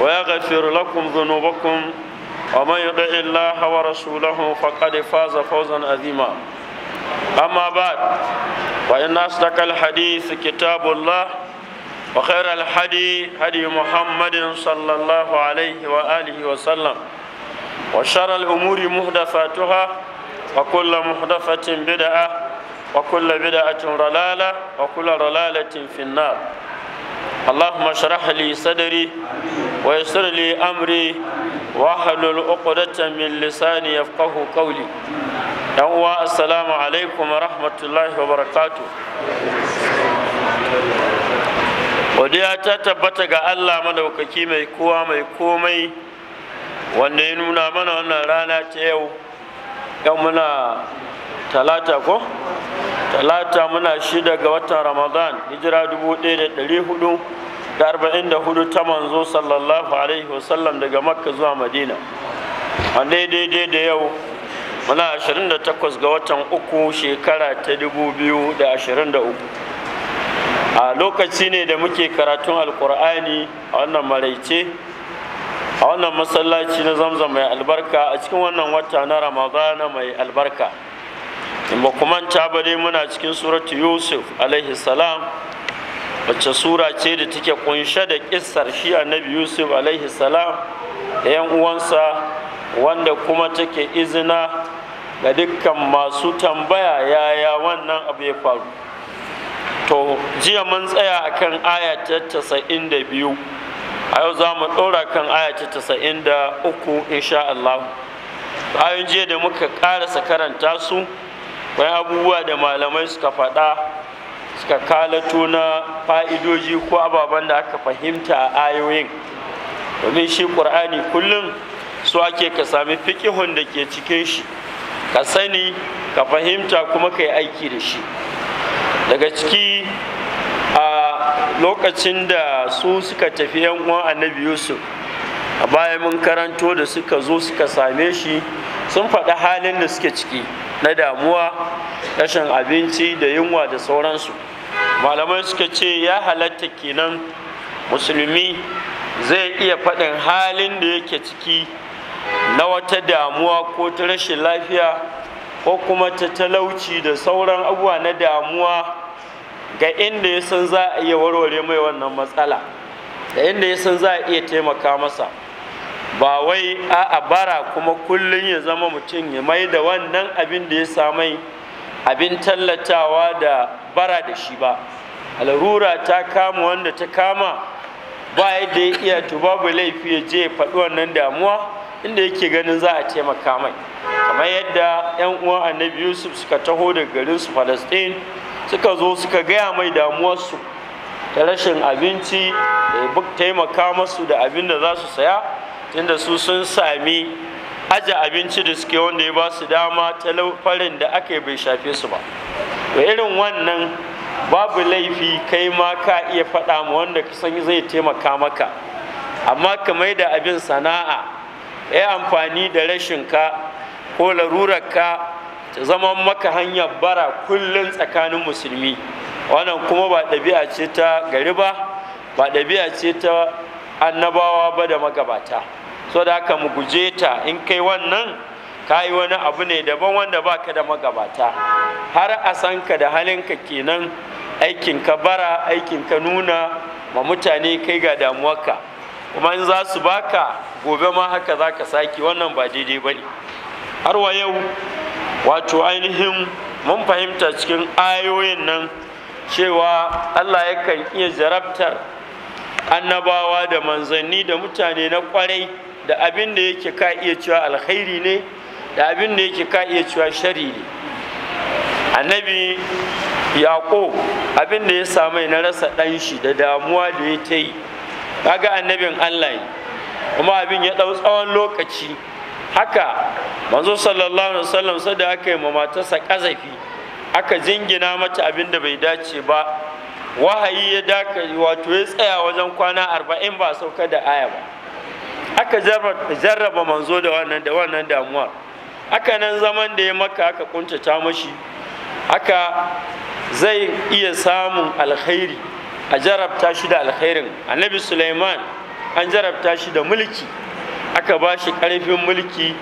ويغفر لكم ذنوبكم ومن يطع الله ورسوله فقد فاز فوزا عظيما أما بعد فإن أصدق الحديث كتاب الله وخير الحدي هدي محمد صلى الله عليه وآله وسلم وشر الأمور محدثاتها وكل محدثة بدعة وكل بدعة رلالة وكل رلالة في النار اللهم اشرح لي صدري ويسر لي أمري واحلل عقدة من لساني يفقه قولي يوم السلام عليكم ورحمة الله وبركاته godiya ta tabbata ga Allah madaukaki mai kowa mai komai wanda ya nuna mana wannan rana ta yau yau muna talata ko talata muna shida ga watan ramadan hijira 1444 ta manzo sallallahu alaihi wasallam daga makka zuwa madina a daidai da yau muna 28 ga watan uku shekara ta 2023 a lokaci ne da muke karatun alkur'ani a wannan maraice a wannan masallaci na zamzam mai albarka a cikin wannan wata na ramadana mai albarka in ba ta ba dai muna cikin suratu yusuf alaihi salam wacce sura ce da take kunshe da kissar shi annabi yusuf alaihi salam da yan uwansa wanda kuma take izina ga dukkan masu tambaya yaya wannan abu ya faru to jiya mun tsaya akan aya ta 92 a yau za mu ɗora kan aya ta da insha Allah bayan jiya da muka ƙarasa karanta su akwai abubuwa da malamai suka faɗa suka kalato na fa'idoji ko ababen da aka fahimta a ayoyin domin shi ƙur'ani kullum su ake ka sami fikihun da ke cikin shi ka sani ka fahimta kuma ka yi aiki da shi daga ciki a lokacin da su suka tafi yan uwan annabi yusuf a bayan mun karanto da suka zo suka same shi sun faɗi halin da suke ciki na damuwa rashin abinci da yunwa da sauransu malamai suka ce ya halatta kenan musulmi zai iya faɗin halin da yake ciki na wata damuwa ko ta rashin lafiya ko kuma ta talauci da sauran abuwa na damuwa ga inda ya san za a iya warware mai wannan matsala da inda ya san za a iya taimaka masa ba wai a bara kuma kullum ya zama mutum ya mai da wannan abin da ya samai abin tallatawa da bara da shi ba Alarura ta kama wanda ta kama ba yadda ya iya to babu laifi ya je faɗi wannan damuwa inda yake ganin za a taimaka mai kamar yadda 'yan uwan annabi yusuf suka taho daga garin su palestine suka zo suka gaya mai damuwarsu ta rashin abinci da taimaka masu da abin da za su saya tunda su sun sami aje abinci da suke wanda ya ba su dama farin da aka bai shafe su ba to irin wannan babu laifi kai ma ka iya faɗa ma wanda ka san zai taimaka maka amma ka mai da abin sana'a ya amfani da rashinka ko larurarka ta zama maka hanyar bara kullum tsakanin musulmi wannan kuma ba ɗabi'a ce ta gari ba ba ɗabi'a ce ta annabawa ba da magabata so da haka mu guje ta in kai wannan ka yi wani abu ne daban wanda baka da magabata har a san ka da halinka kenan aikin ka bara aikin ka nuna ma mutane kai ga damuwarka kuma in za su baka gobe ma haka za ka sake wannan ba daidai ba ne har wa yau wato ainihin mun fahimta cikin ayoyin nan cewa allah yakan iya jarabtar annabawa da manzanni da mutane na kwarai da abin da yake ka iya cewa alkhairi ne da abin da yake ka iya cewa shari ne annabi yaƙo abin da ya samu na rasa ɗan shi da damuwa da ya ta yi kaga annabin allah ne kuma abin ya ɗau tsawon lokaci haka manzo sallallahu alaihi wasallam sai da aka yi ma matarsa ƙazafi aka jingina mata abin da bai dace ba wahayi ya daka wato ya tsaya wajen kwana arba'in ba sauka da aya ba aka jarraba manzo da wannan da wannan damuwa aka nan zaman da ya maka aka kuntata mashi aka zai iya samun alkhairi a jarabta shi da alkhairin annabi suleiman an jarabta shi da mulki aka ba shi ƙarfin mulki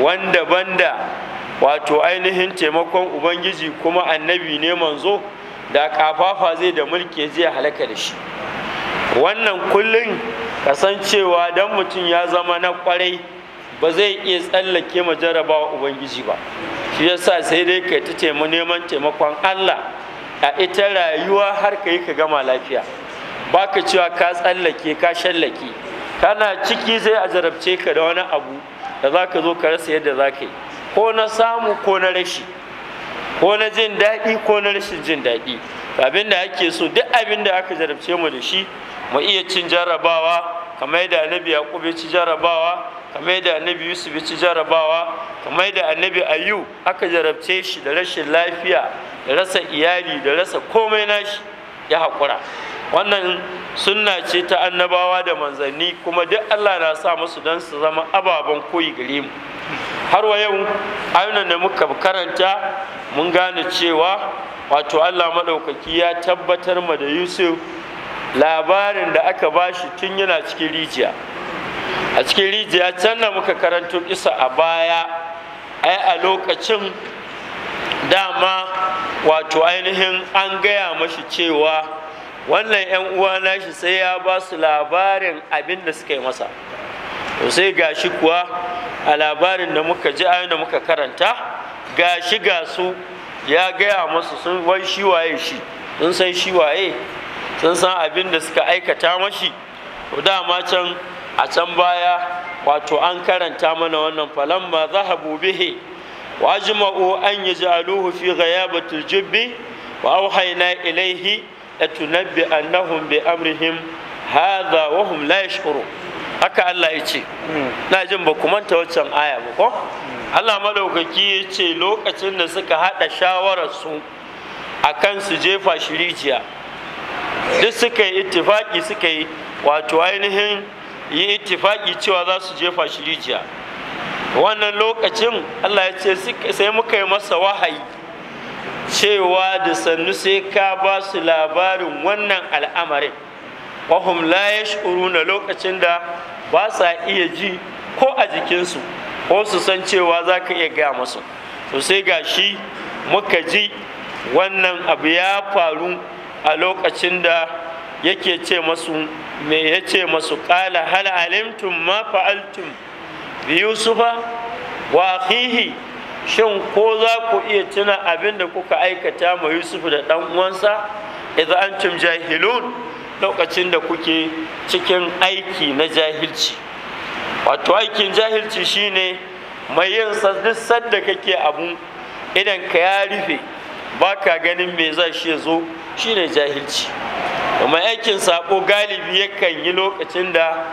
wanda banda wato ainihin taimakon ubangiji kuma annabi ne manzo da kafafa zai da mulki zai halaka da shi wannan kullum kasancewa dan mutum ya zama na kwarai ba zai iya tsallake ma jarabawa ubangiji ba shi yasa sai dai kai ta taimu neman taimakon Allah a ita rayuwa har ka yi ka gama lafiya baka cewa ka tsallake ka shallake kana ciki zai a jarabce ka da wani abu da za ka zo ka rasa yadda za ka yi ko na samu ko na rashi ko na jin daɗi ko na rashin jin daɗi abin da ake so duk abin da aka jarabce mu da shi mu iya cin jarabawa kamar da annabi yaqub ya ci jarabawa kamar da annabi yusuf ya ci jarabawa kamar da annabi ayu aka jarabce shi da rashin lafiya da rasa iyali da rasa komai nashi ya haƙura wannan sunna ce ta annabawa da manzanni kuma duk allah na sa musu dan su zama ababen koyi gare mu har wa yau ayunan da muka karanta mun gane cewa wato Allah maɗaukaki ya tabbatar ma da Yusuf labarin da aka bashi tun yana cikin rijiya a cikin rijiya can na muka karanto kisa a baya ai a lokacin dama wato ainihin an gaya mashi cewa wannan 'yan uwa nashi sai ya ba su labarin abin da suka yi masa to sai gashi kuwa a labarin da muka ji ayoyin da muka karanta gashi ga su ya gaya masu sun wai shi waye shi sun san shi waye sun san abin da suka aikata mashi to dama can a can baya wato an karanta mana wannan falamma zahabu bihi wa ajma'u an yi ja'aluhu fi ghayabatil jibbi wa auhayna ilayhi latunabbi annahum bi amrihim hadha wa hum la haka Allah ya ce hmm. na jin ba ku manta waccan aya ba ko hmm. Allah madaukaki ya ce lokacin da suka haɗa shawarar su akan su jefa shirijiya duk suka yi ittifaki suka yi wato ainihin yi ittifaki cewa za su jefa shirijiya. wannan lokacin Allah ya ce sai muka yi masa wahayi cewa da sannu sai ka ba su labarin wannan al'amarin wahum la yash'uruna lokacin da ba sa iya ji ko a jikinsu ko su san cewa za ka iya gaya musu to sai ga shi muka ji wannan abu ya faru a lokacin da yake ce masu me ya ce masu ƙala hal alimtum ma fa'altum bi yusufa wa akhihi shin ko za ku iya tuna abin da kuka aikata ma yusuf da ɗan uwansa idza antum jahilun lokacin da kuke cikin aiki na jahilci wato aikin jahilci shine mai yin duk da kake abu idan ka ya rufe baka ganin mai za shi zo shine jahilci kuma aikin sako galibi yakan yi lokacin da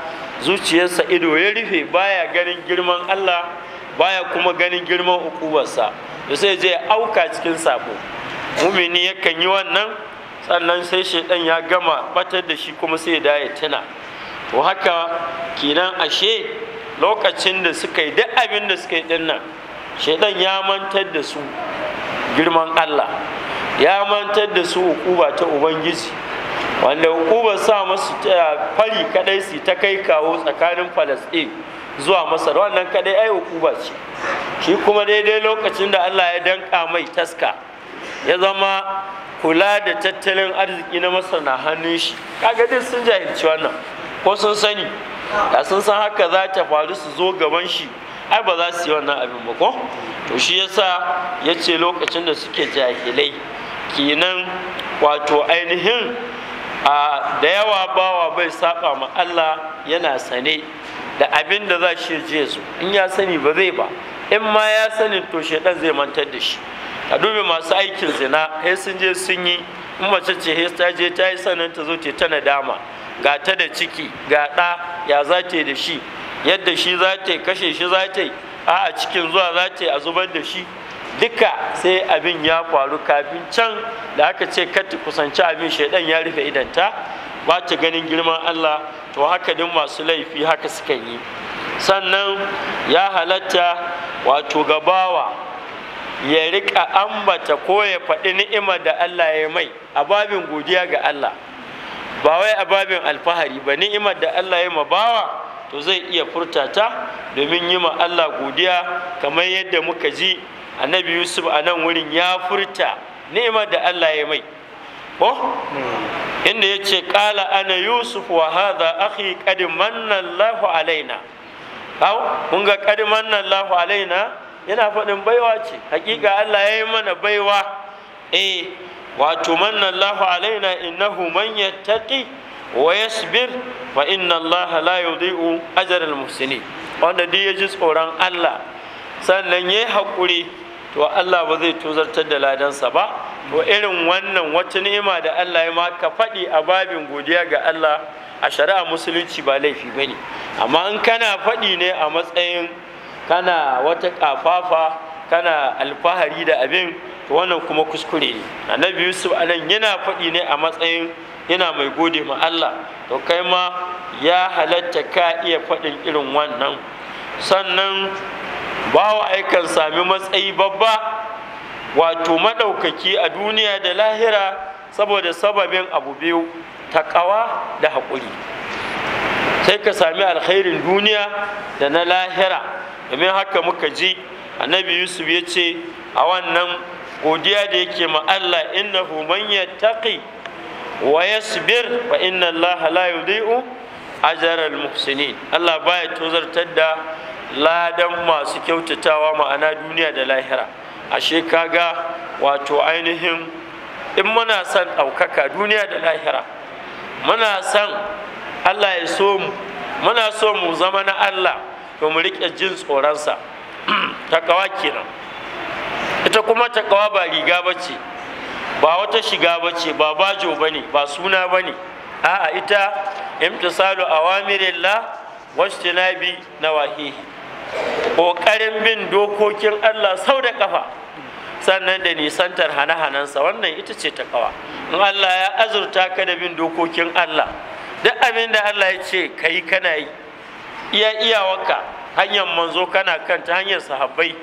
zuciyarsa ido ya rufe baya ganin girman Allah baya kuma ganin girman hukubarsa da sai je auka cikin sako mumini yakan yi wannan sannan sai shaidan ya gama batar da shi kuma sai da ya tuna to haka kenan ashe lokacin da suka yi duk abin da suka yi dinnan shaidan ya mantar da su girman Allah ya mantar da su hukuba ta ubangiji wanda hukuba sa masu eh, fari kadai su ta kai kawo tsakanin Palestine zuwa Masar wannan kadai ai hukuba ce shi kuma daidai lokacin da Allah ya danka mai taska ya zama kula da tattalin arziki na masar na hannun shi kaga duk sun jahilci wannan ko sun sani da sun san haka za ta faru su zo gaban shi ai ba za su yi wannan abin ba ko to shi yasa ya ce lokacin da suke jahilai kenan wato ainihin a da yawa bawa bai saba ma Allah yana sane da abin da za shi je su in ya sani ba zai ba in ma ya sani to shedan zai mantar da shi a dubi masu aikin zina sai sun je sun yi in mace ce sai ta je ta yi sanin ta zo ta ta nadama ga ta da ciki ga ɗa ya za da shi yadda shi za ta kashe shi za ta a a cikin zuwa za ta a zubar da shi duka sai abin ya faru kafin can da aka ce kati kusanci abin shaidan ya rufe idanta ba ta ganin girman Allah to haka din masu laifi haka suka yi sannan ya halatta wato gabawa ya rika ambata ko ya faɗi ni'imar da Allah ya mai a babin godiya ga Allah ba wai a babin alfahari ba ni'imar da Allah ya bawa? to zai iya furta ta domin yi ma Allah godiya kamar yadda muka ji annabi Yusuf a nan wurin ya furta ni'imar da Allah ya mai ko inda ya ce ƙala ana Yusuf wa hadha akhi qad manna Allahu alaina au mun ga qad manna alaina yana faɗin baiwa ce hakika Allah ya yi mana baiwa eh wato manna Allah alaina innahu man yattaqi wa yasbir fa inna Allah la yudhi'u al muhsinin wanda dai ya ji tsoron Allah sannan yayi hakuri to Allah ba zai tuzartar da ladansa ba to irin wannan wata ni'ima da Allah ya maka faɗi a babin godiya ga Allah a shari'a musulunci ba laifi bane amma in kana faɗi ne a matsayin kana wata kafafa kana alfahari da abin to wannan kuma kuskure ne annabi yusuf anan yana faɗi ne a matsayin yana mai gode ma Allah to kai ma ya halatta ka iya faɗin irin wannan sannan bawa aikan sami matsayi babba wato maɗaukaki a duniya da lahira saboda sababin abu biyu ta ƙawa da haƙuri sai ka sami alkhairin duniya da na lahira domin haka muka ji annabi yusuf ya ce a wannan godiya da yake ma Allah innahu man yattaqi wa yasbir fa inna Allah la yudhi'u al muhsinin Allah baya tozartar da ladan masu kyautatawa ma'ana duniya da lahira ashe kaga wato ainihin in muna son ɗaukaka duniya da lahira muna son Allah ya so mu muna so mu zama na Allah to mu riƙe jin tsoronsa takawa kenan ita kuma takawa ba riga ba ce ba wata shiga ba ce ba bajo ba ne ba suna ba ne a'a ita imtisalu awamirillah wastinabi nawahihi ƙoƙarin bin dokokin Allah sau da ƙafa sannan da nisantar hana-hanansa. wannan ita ce ta ƙawa. in Allah ya azurta ka da bin dokokin Allah duk abin da Allah ya ce ka yi kana yi iya iyawarka hanyar manzo kana kan ta hanyar sahabbai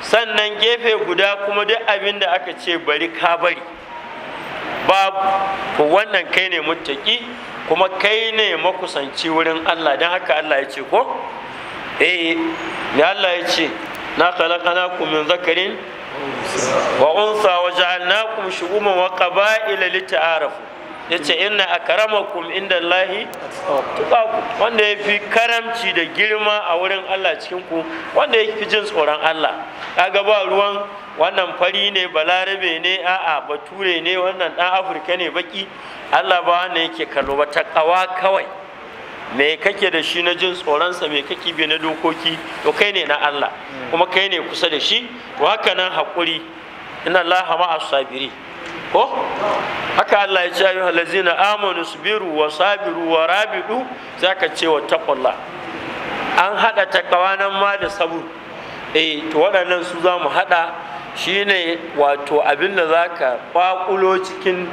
sannan gefe guda kuma duk abin da aka ce bari ka bari babu wannan kai ne muttaki kuma kai ne makusanci wurin Allah don haka Allah ya ce ko eh ya Allah ya ce na khalaqnakum min zakarin wa unsa wa ja'alnakum shu'uman wa qaba'ila lita'arafu yace inna akramakum indallahi lahi?" wanda yafi karamci da girma a wurin Allah cikin ku wanda yafi jin tsoron Allah kaga ba ruwan wannan fari ne balarabe ne a'a bature ne wannan dan afirka ne baki Allah ba wanda yake kallo ba kawa kawai me kake da shi na jin tsoronsa me kake bi na dokoki to kai ne na Allah kuma kai ne kusa da shi to haka nan haƙuri inna Allah ma'a sabiri ko haka Allah ya ce ayu halazina amanu subiru wa sabiru wa rabidu zaka ce wa taqwallah an hada takawanan ma da sabu eh to waɗannan su za mu hada shine wato abin da zaka kwakulo cikin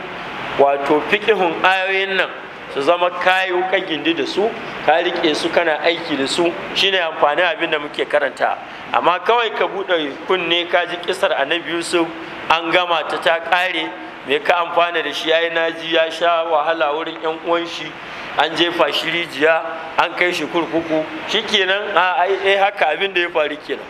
wato fiqihun ayoyin nan su zama kayo ka gindi da su ka rike su kana aiki da su shine amfani abin da muke karanta amma kawai ka bude kunne ka ji kisar annabi Yusuf an gama ta ta ƙare mai ka amfana da shi yayi naji ya sha wahala wurin yan uwan shi an jefa shi rijiya an kai shi kurkuku shikenan a ai eh, haka abin da ya faru kenan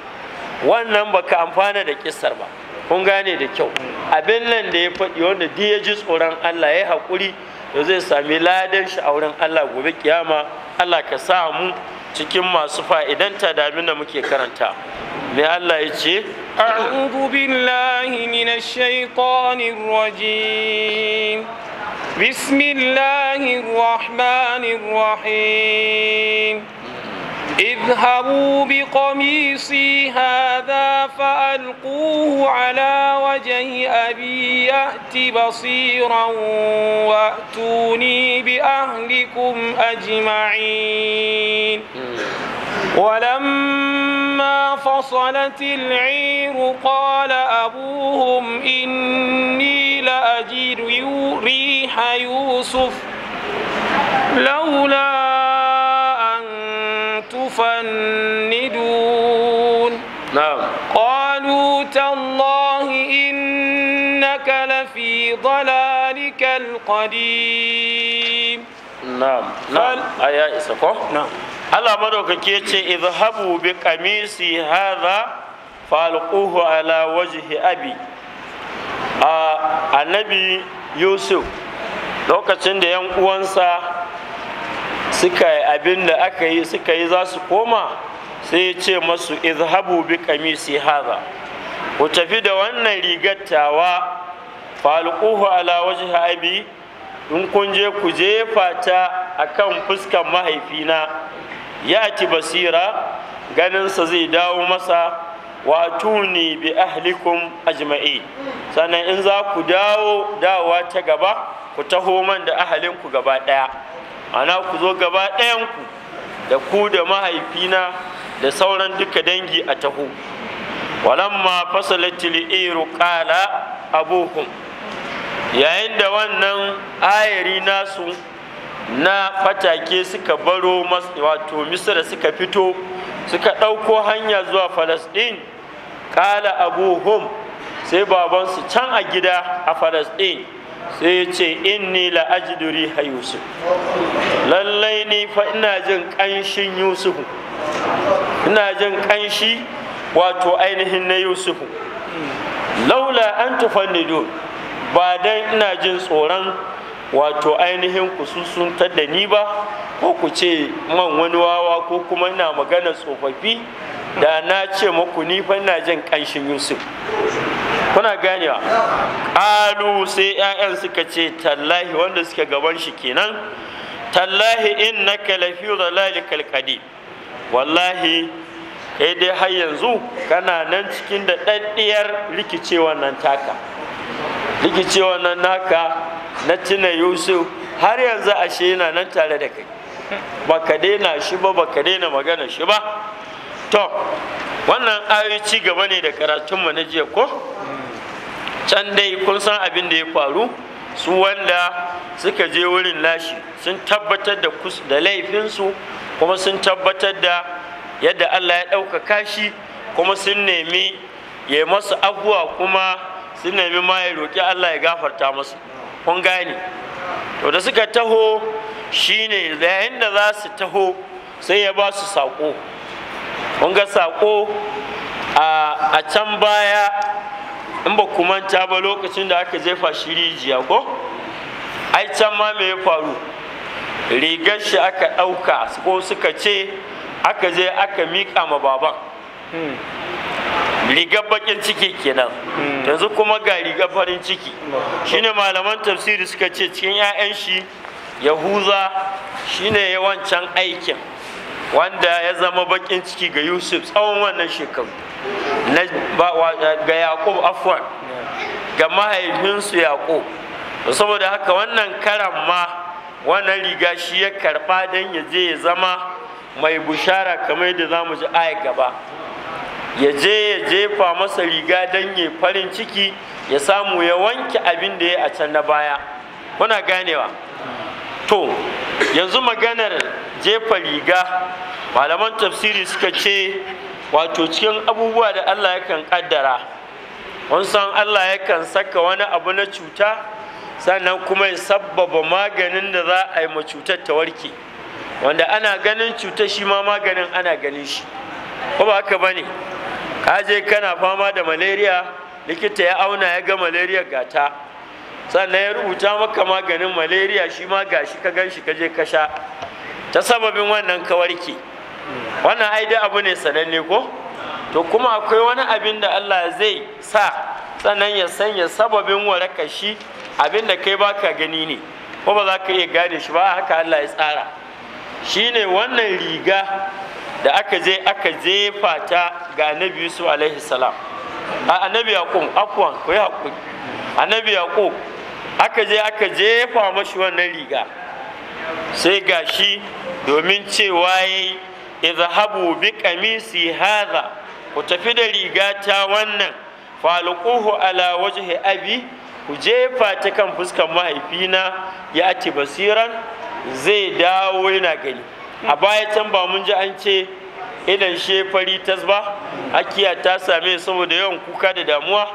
wannan baka amfana da kissar ba kun gane da kyau abin nan da ya faɗi wanda duk ya ji tsoron Allah ya haƙuri da zai sami ladan shi a wurin Allah gobe kiyama Allah ka sa mu cikin masu fa'idanta da abin da muke karanta أعوذ بالله من الشيطان الرجيم بسم الله الرحمن الرحيم اذهبوا بقميصي هذا فألقوه على وجه أبي يأت بصيرا وأتوني بأهلكم أجمعين ولما فلما فصلت العير قال أبوهم إني لأجد ريح يوسف لولا أن تفندون نعم قالوا تالله إنك لفي ضلالك القديم na'am na'am aya isa ko na'am Allah madaukaki ya ce izhabu bi qamisi hadha falquhu ala wajhi abi a annabi yusuf lokacin da yan uwansa suka yi abin da aka yi suka yi za su koma sai ya ce masu izhabu bi qamisi hadha ku tafi da wannan rigattawa falquhu ala wajhi abi in kun je ku jefa ta a kan fuskan mahaifina ya ci basira ganinsa zai dawo masa wa tuni bi ahlikum ajma'i sannan in za ku dawo dawowa ta gaba ku taho man da ahalinku gaba ɗaya ana ku zo gaba ku da ku da mahaifina da sauran duka dangi a taho walamma fasalatil iru qala abuhum yayin da wannan ayari nasu na fatake suka baro wato misira suka fito suka ɗauko hanya zuwa falasɗin ƙala abu hum sai babansu can a gida a falasɗin sai ce inni la'ajidu ha yusuf lallai ni fa ina jin ƙanshin Yusuf? ina jin ƙanshi wato ainihin na Yusuf? laula an tufannidu ba dan ina jin tsoron wato ainihin kususuntar da ni ba ko ku ce man wani wawa ko kuma ina magana tsofaffi da na ce muku ni fa ina jin kanshin yusuf kuna ganewa ƙalu sai 'ya'yan suka ce tallahi wanda suke gaban shi kenan tallahi in na kalafi zalalikal wallahi kai dai har yanzu kana nan cikin da ɗaɗɗiyar rikicewa nan taka rikicewa nan naka na tuna yusuf har yanzu ashe yana nan tare da kai ka daina shi ba ba ka daina magana shi ba to wannan ayoyi ci gaba ne da karatun mu na jiya ko can dai kun san abin da ya faru su wanda suka je wurin lashi sun tabbatar da kus da laifinsu kuma sun tabbatar da yadda allah ya ɗaukaka shi kuma sun nemi ya masu abuwa kuma sun nemi ma ya roƙi Allah ya gafarta musu kun gane to da suka taho shine yayin da za su taho sai ya ba su saƙo kun ga saƙo a can baya in ba ku manta ba lokacin da aka jefa shi rijiya ko ai can ma me ya faru rigar shi aka ɗauka ko suka ce aka je aka miƙa ma baban hmm. rigar bakin ciki kenan hmm. yanzu kuma ga rigar farin ciki shine malaman tafsiri suka ce cikin 'ya'yan shi yahuza shine yawancan aikin wanda ya zama bakin ciki ga yusuf tsawon wannan shekaru ga yaƙub afwan ga mahaifinsu yakub saboda haka wannan karan ma wannan riga shi ya karɓa don ya je ya zama mai bushara kamar yadda za mu ji aya gaba ya je ya jefa masa riga don ya farin ciki ya samu ya wanke abin da ya a can na baya muna ganewa to yanzu maganar jefa riga malaman tafsiri suka ce wato cikin abubuwa da allah yakan kaddara wani san allah yakan saka wani abu na cuta sannan kuma ya sabbaba maganin da za a yi ma cutar ta warke wanda ana ganin cutar shi ma maganin ana ganin shi ko ba haka ba ne kaje kana fama da malaria likita ya auna ya ga malaria gata sannan ya rubuta maka maganin malaria shi ma gashi ka gan shi ka je ka sha ta sababin wannan ka warke wannan ai dai abu ne sananne ko to kuma akwai wani abin da Allah zai sa sannan ya sanya sababin waraka shi abin da kai baka gani ne ko ba za ka iya gane shi ba haka Allah ya tsara shine wannan riga da aka je aka jefa ta ga annabi yusuf alaihi salam a annabi yaqub afwan ko annabi yaqub aka je aka jefa mashi wannan riga sai gashi domin cewa yayi izhabu bi qamisi hadha ku tafi da riga ta wannan falquhu ala wajhi abi ku jefa ta kan fuskan mahaifina ya ati basiran zai dawo yana gani a baya can ba mun ji an ce idan tas ba hakiya ta same saboda yawan kuka da damuwa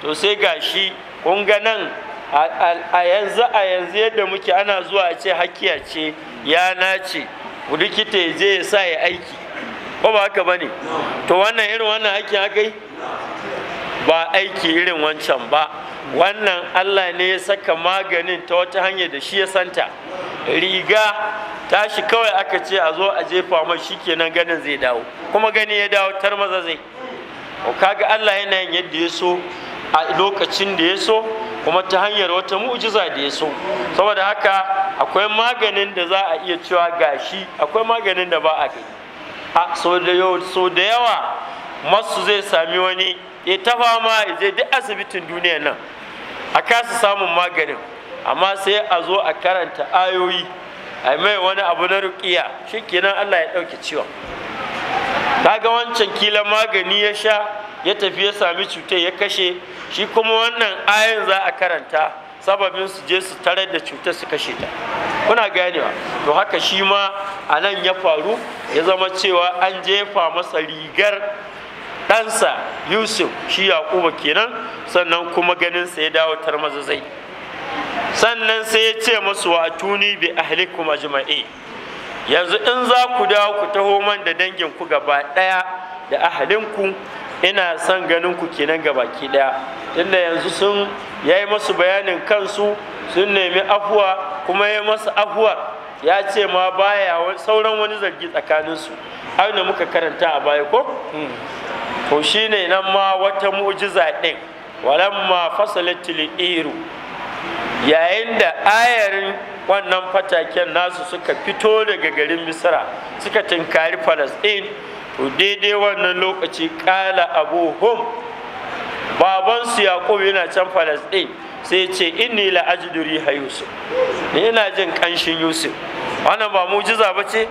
to sai gashi shi kun ga nan a yanzu a yanzu yadda muke ana zuwa ce hakiya ce ya nace likita ya je ya sa ya aiki ko ba haka bane to wannan irin wannan hakiya kai ba aiki irin wancan ba wannan allah ne ya saka maganin ta wata hanya da shi ya santa riga tashi kawai aka ce a zo a jefa mai kenan ganin zai dawo kuma gani ya dawo tar maza zai kaga allah yana yin yadda ya so a lokacin da ya so kuma ta hanyar wata mu'jiza da ya so saboda haka akwai maganin da za a iya cewa gashi akwai maganin da ba a gani a so da yawa masu zai sami wani ya ta fama ya je duk asibitin duniya nan a kasa samun maganin amma sai a zo a karanta ayoyi a mai wani abu na rukiya kenan Allah ya ɗauke ciwon kaga wancan kila magani ya sha ya tafi ya sami cutar ya kashe shi kuma wannan ayin za a karanta sababin su je su tarar da cutar su kashe ta kuna ganewa to haka shi ma a nan ya faru ya zama cewa an jefa masa rigar ɗansa yusuf shi yaƙuba kenan sannan kuma ganin sa ya dawo tarmazazai sannan sai ya ce masu wa tuni bi ahlikum ajma'i yanzu in za ku dawo ku taho man da dangin ku gaba daya da ahalinku ina son ganin ku kenan gabaki ɗaya tunda yanzu sun yayi masu bayanin kansu sun nemi afuwa kuma yayi masu afuwar ya ce ma baya sauran wani zargi tsakaninsu da muka karanta a baya ko to shine nan ma wata mu'jiza din walamma fasalatil iru yayin da ayarin wannan fataken nasu suka fito daga garin misra suka tinkari falasɗin to daidai wannan lokaci kala abu hum babansu yaqub yana can falasɗin sai ce in la la'ajiduri ha yusuf ni ina jin kanshin yusuf wannan ba mujiza ba ce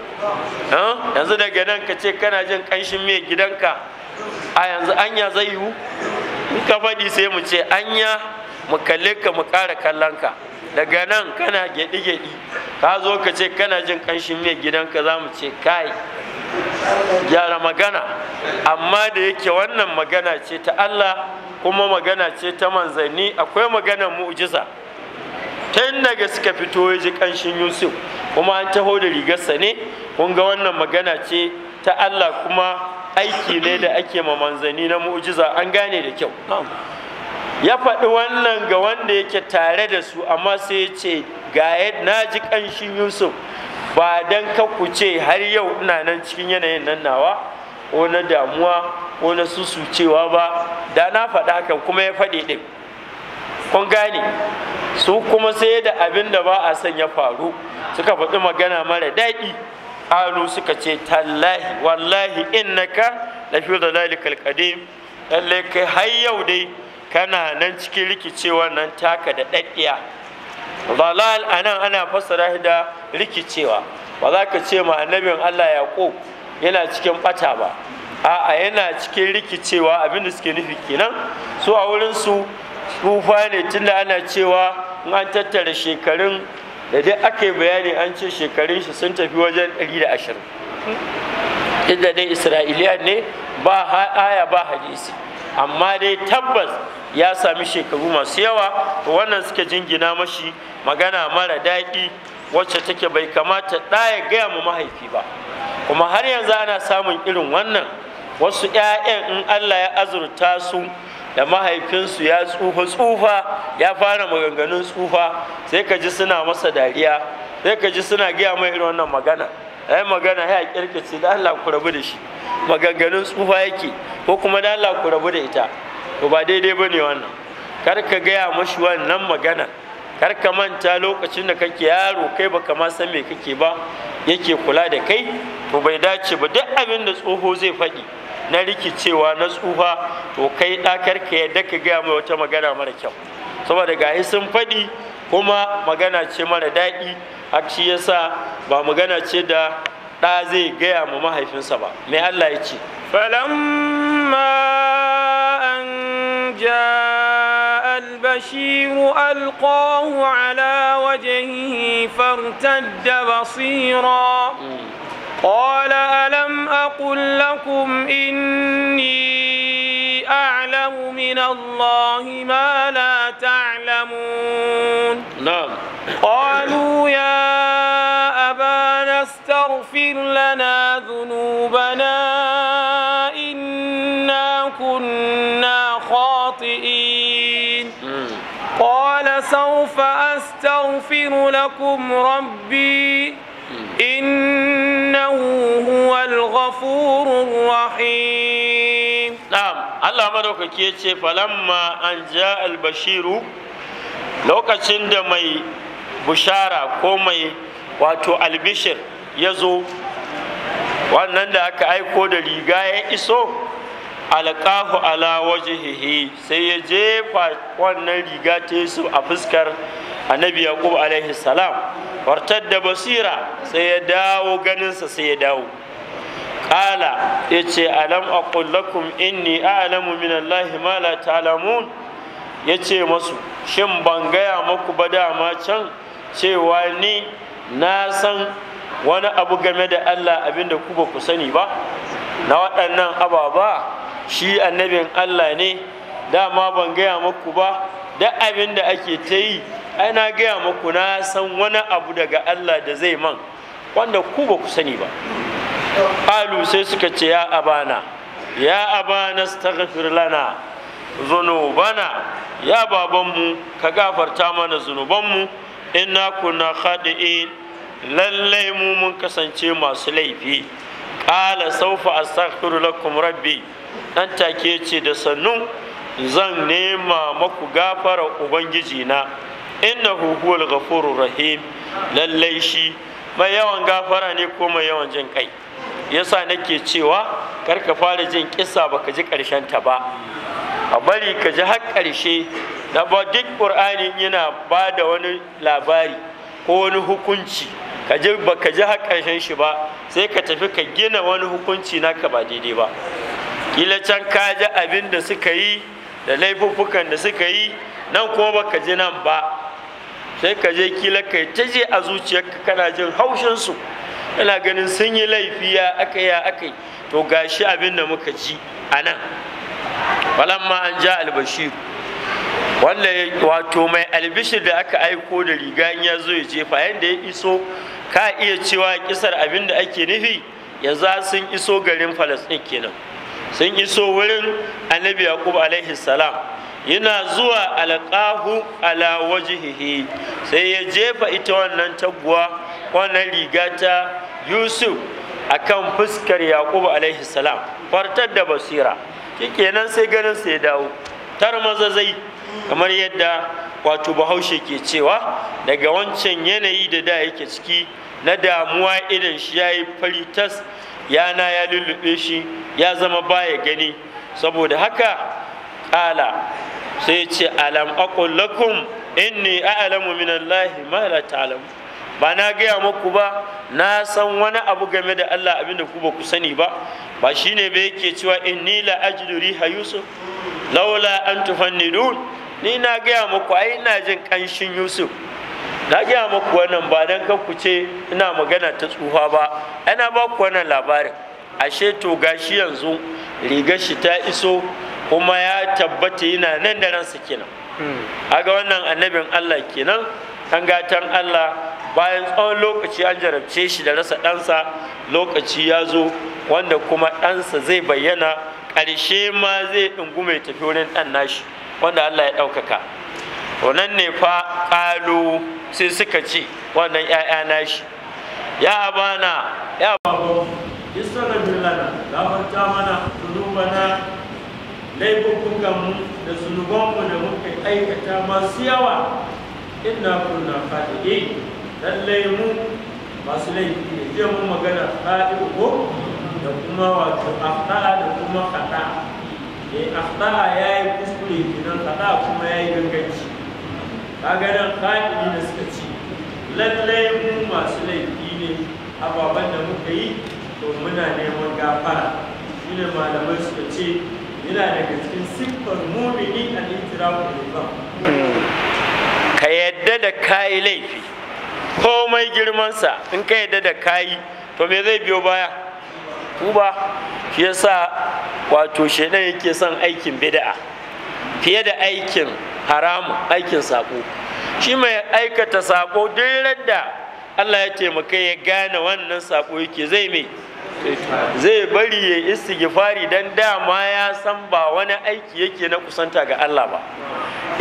yanzu daga nan ka ce kana jin kanshin mai gidanka a yanzu anya zai yiwu in ka faɗi sai mu ce anya mu kalle ka mu ƙara kallon ka daga nan kana gyaɗi-gyaɗi ka zo ka ce kana jin kanshin mai gidanka za mu ce kai gyara magana amma da yake wannan magana ce ta Allah kuma magana ce ta manzanni akwai maganar mu'jiza tun daga suka fito ya ji ƙanshin yusuf kuma an taho da rigarsa ne kun ga wannan magana ce ta allah kuma aiki ne da ake ma manzanni na mu'jiza an gane da kyau ya faɗi wannan ga wanda yake tare da su amma sai ya ce ga na ji kanshin yusuf ba don ka ku ce har yau ina nan cikin yanayin nan nawa ko na damuwa ko na susucewa ba da na faɗa hakan kuma ya faɗi ɗin kun gane su kuma sai da abin da ba a son ya faru suka faɗi magana mara daɗi alu suka ce tallahi wallahi innaka lafi da lalikal kadim lallai kai har yau dai kana nan cikin rikicewa nan taka da ɗaɗɗiya dalal anan ana fassara da rikicewa ba za ka ce ma annabin Allah yaqub yana cikin ɓata ba a'a yana cikin rikicewa abinda suke nufi kenan su a wurin su, tufa ne tunda ana cewa in an tattara shekarun da dai aka yi bayani an ce shekarun shi sun tafi wajen 120 inda dai isra'iliya ne ba aya ba hadisi amma dai tabbas ya sami shekaru masu yawa wannan suka jingina mashi magana mara daɗi wacce take bai kamata ɗaya gaya mu mahaifi ba kuma har yanzu ana samun irin wannan wasu 'ya'yan in allah ya azurta su da mahaifinsu ya tsufa tsufa ya fara maganganun tsufa sai ka ji suna masa dariya sai ka ji suna gaya mai irin wannan magana ai magana ya kirkice da Allah ku rabu da shi maganganun tsufa yake ko kuma da Allah ku rabu da ita to ba daidai ba ne wannan kar ka gaya mashi wannan magana kar ka manta lokacin da kake yaro kai baka ma san me kake ba yake kula da kai to bai dace ba duk abin da tsoho zai faɗi na rikicewa na tsufa to kai ɗakar ka yadda ka gaya mai wata magana mara kyau saboda gahi sun faɗi kuma magana ce mara daɗi a shi yasa ba magana ce da ɗa zai gaya ma mahaifinsa ba mai Allah ya ce falamma an ja albashiru alqahu ala wajhihi fartadda basira mm. قال ألم أقل لكم إني أعلم من الله ما لا تعلمون نعم قالوا يا أبانا استغفر لنا ذنوبنا إنا كنا خاطئين قال سوف أستغفر لكم ربي إنه هو الغفور الرحيم نعم الله مدوك كيتشي فلما أن جاء البشير لو كتشند مي بشارة كومي واتو البشر يزو wannan da aka aiko da riga ya iso alƙahu ala wajihihi sai ya jefa wannan riga ta su a fuskar annabi yaqub alaihi salam wartar da basira sai ya dawo ganinsa sai ya dawo qala yace alam aqul lakum inni a'lamu min allahi ma la ta'lamun yace masu shin ban gaya muku ba dama can cewa ni na san wani abu game da Allah abinda ku ba ku sani ba na waɗannan ababa shi annabin Allah ne dama ban gaya muku ba da abin da ake ta yi ai na gaya muku na san wani abu daga Allah da zai man wanda ku ba ku sani ba qalu sai suka ce ya abana ya abana astaghfir lana zunubana ya babanmu ka gafarta mana zunubanmu inna kunna khadi'in lallai mu mun kasance masu laifi qala sawfa astaghfiru lakum rabbi dan take ce da sannu zan nema maku gafara ubangiji na innahu huwal ghafurur rahim lallai shi mai yawan gafara ne ko mai yawan jin kai yasa nake cewa kar ka fara jin kissa baka ji karshen ta ba a bari ka ji har karshe da ba duk qur'ani yana ba da wani labari ko wani hukunci ka ji baka ji har karshen shi ba sai ka tafi ka gina wani hukunci naka ba daidai ba kila can ka ji abin da suka yi da laifuffukan da suka yi nan kuma baka ji nan ba sai ka je kila kai ta je a zuciyarka kana jin haushin su kana ganin sun yi laifi ya aka ya aka to gashi abin da muka ji a nan ma an ja albashir wanda wato mai albishir da aka aiko da riga in ya zo ya jefa yadda ya iso ka iya cewa kisar abin da ake nufi yanzu sun iso garin falasɗin kenan sun iso wurin annabi yaqub alaihi salam yana zuwa alƙahu ala wajihihi sai ya jefa ita wannan taguwa wannan rigata Yusuf, a kan fuskar yaƙubu alaihi salam fartar da basira kenan sai ganin sai dawo tar mazazai kamar yadda wato bahaushe ke cewa daga wancan yanayi da da yake ciki na damuwa idan shi ya yi fari tas yana ya lulluɓe shi ya zama baya gani saboda haka kala sai ce alam aqul lakum inni a'lamu min Allah ma la ta'lamu ba na gaya muku ba na san wani abu game da Allah abinda ku ba ku sani ba ba shine ba yake cewa inni la ajidu riha yusuf laula an tufannidun ni na gaya muku ai ina jin kanshin yusuf na gaya muku wannan ba dan kan ku ce ina magana ta tsufa ba ana ba ku wannan labarin ashe to gashi yanzu rigar shi ta iso kuma ya tabbata yana nan da ransa kenan hmm. aga wannan annabin Allah kenan kan gatan Allah bayan tsawon lokaci an jarabce shi da rasa ɗansa lokaci ya zo wanda kuma ɗansa zai bayyana ƙarshe ma zai ɗungume tafi wurin ɗan nashi wanda Allah ya ɗaukaka wannan ne fa ƙalu sai suka ce wannan ‘ya'ya nashi ya bana ya bana lana mana laifukanmu da zunubanmu da muka aikata masu yawa inna kuna fa'ili lallai mu masu laifi da jiya mu magana fa'ilu uku, da kuma wato akhta'a da kuma khata eh ya yi kuskure kenan kada kuma ya yi ganganci kaganan nan da suka ci lallai mu masu laifi ne ababen da muka yi to muna neman gafara ne malamai suka ce yana daga cikin siffar mumini ka yadda da kayi laifi komai girmansa in ka yadda da kayi to me zai biyo baya tuba shi yasa wato shaidan yake son aikin bida'a? fiye da aikin haramun aikin sako shi mai aikata sako duk da Allah ya taimaka ya gane wannan sako yake zai mai zai bari ya istighfari dan dama ya san ba wani aiki yake na kusanta ga Allah ba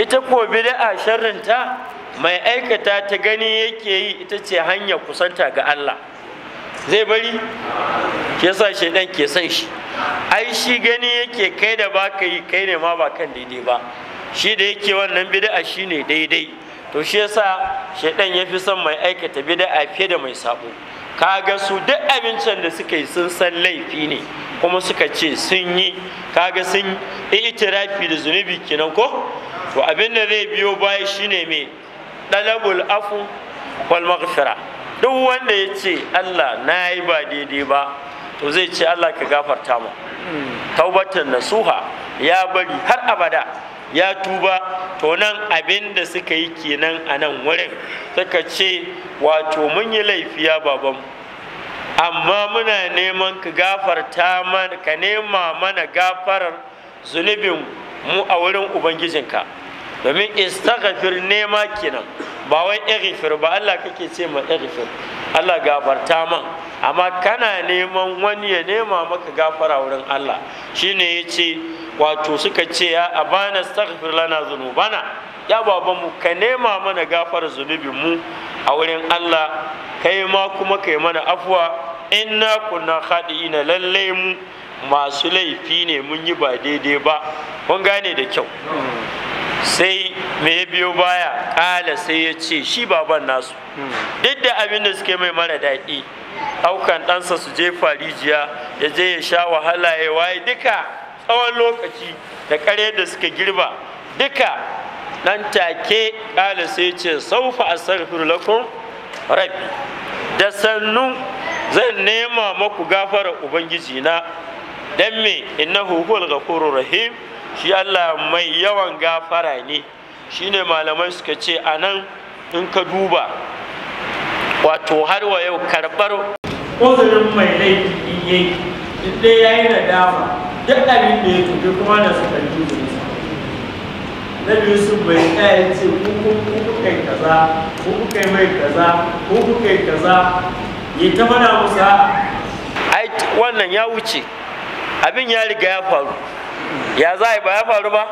ita ko bid'a sharrinta mai aikata ta gani yake yi ita ce hanyar kusanta ga Allah zai bari Ke yasa shaidan ke san shi ai shi gani yake kai da baka yi kai ne ma ba kan daidai ba shi da yake wannan bid'a shine daidai to shi yasa shaidan ya fi son mai aikata bid'a fiye da mai sabo Ka ga su duk abincin da suka yi sun san laifi ne kuma suka ce sun yi kaga sun itirafi da zunubi kenan ko to abin da zai biyo baya shine me dalabul afu wal maghfira duk wanda ya ce Allah na yi ba daidai ba to zai ce Allah ka gafarta mu hmm. taubatan nasuha ya bari har abada ya tuba to nan abin da suka yi kenan a nan wurin suka ce wato mun yi laifiya baban amma muna neman ka gafarta mana ka nema mana gafarar zunubin mu a wurin ubangijinka domin istaghfir nema kenan ba wai ighfir ba Allah kake ce ma ighfir Allah gafarta man amma kana neman wani ya nema maka gafara wurin Allah shine yace wato suka ce ya abana staghfir lana zunubana ya baban mu ka nema mana gafar zunubin mu a wurin Allah kai ma kuma kai mana afwa inna kunna khadi'ina lallai mu masu laifi ne mun yi ba daidai ba kun gane da kyau sai me ya biyo baya kala sai ya ce shi baban nasu duk da abin da suke mai mara daɗi aukan ɗansa su je farijiya ya je ya sha wahala ya waye duka tsawon lokaci da kare da suka girba duka nan take kala sai ce saufa astaghfiru lakum rabbi da sannu zan nema maku gafara ubangiji na dan me innahu huwal ghafurur rahim shi Allah mai yawan gafara ne shine malamai suka ce anan in ka duba wato har wa yau karɓar uzurin mai laifi in yi in dai yayi dama. duk abin da ya tuke kuma da su kan tuke ne na biyu su bai tsaya ce kuku kai kaza kuku kai mai kaza kuku kai kaza ya ta mana musa ai wannan ya wuce abin ya riga ya faru ya za ba ya faru ba